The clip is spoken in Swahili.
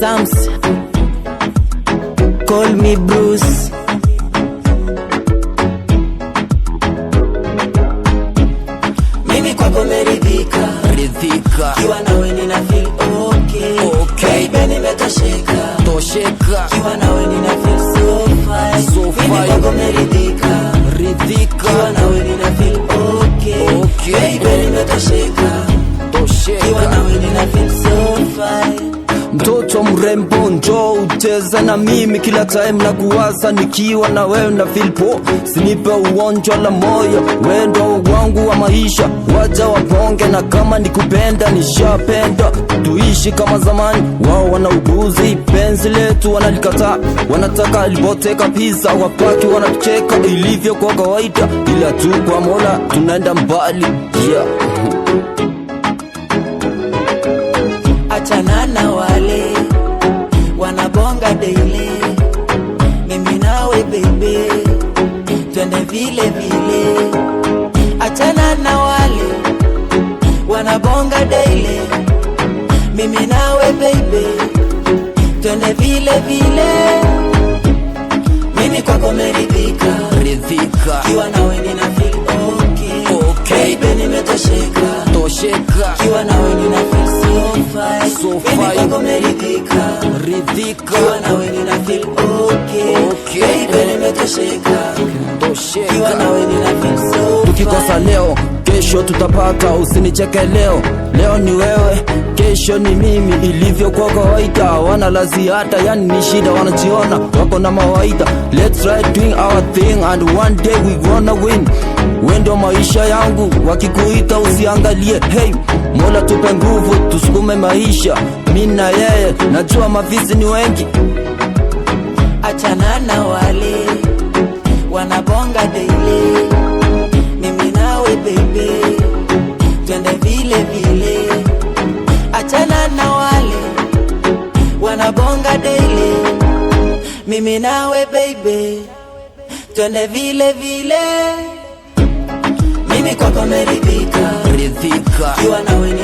Sams, call me Bruce. Mimi kwako meridhika, ridhika. Kiwa nawe nina feel okay, okay. Baby nimetosheka, tosheka. Kiwa nawe nina feel so fine, so fine. Mimi kwako meridhika, ridhika. Kiwa nawe nina feel okay, okay. Baby nimetosheka, tosheka. Kiwa nawe nina feel mtoto mrembo, njoo ucheze na mimi. Kila time na kuwaza nikiwa na wewe na filpo, sinipe uonjo la moyo, wendo wangu wa maisha, waja waponge, na kama nikupenda nishapenda, tuishi kama zamani. Wao wanauguzi penzi letu wanalikataa, wanataka lipote kabisa, wapaki wanatucheka ilivyo kwa kawaida, ila tu kwa Mola tunaenda mbali yeah. tuende vile vile, achana na wale wanabonga daily, mimi nawe baby tuende vile vile, mimi kwako meridhika, ridhika kiwa nawe nina feel okay, okay baby nimetosheka, tosheka kiwa nawe nina feel so fine, so fine mimi kwako meridhika, ridhika kiwa nawe nina feel okay, okay baby nimetosheka Tukikosa leo, kesho tutapata, usinicheke leo. Leo ni wewe, kesho ni mimi, kwa kawaida. Wana lazi hata yani ni shida, wanajiona wako na mawaida. Let's try doing our thing and one day we gonna win. Wendo maisha yangu, wakikuita usiangalie. Hey, Mola tupe nguvu, tusukume maisha, mimi na yeye, najua mavizi ni wengi, achana nao mimi nawe baby, twende vile vile, achana na wale wanabonga daily, mimi nawe baby, twende vile vile, mimi kwako meridhika, ridhika kiwa nawe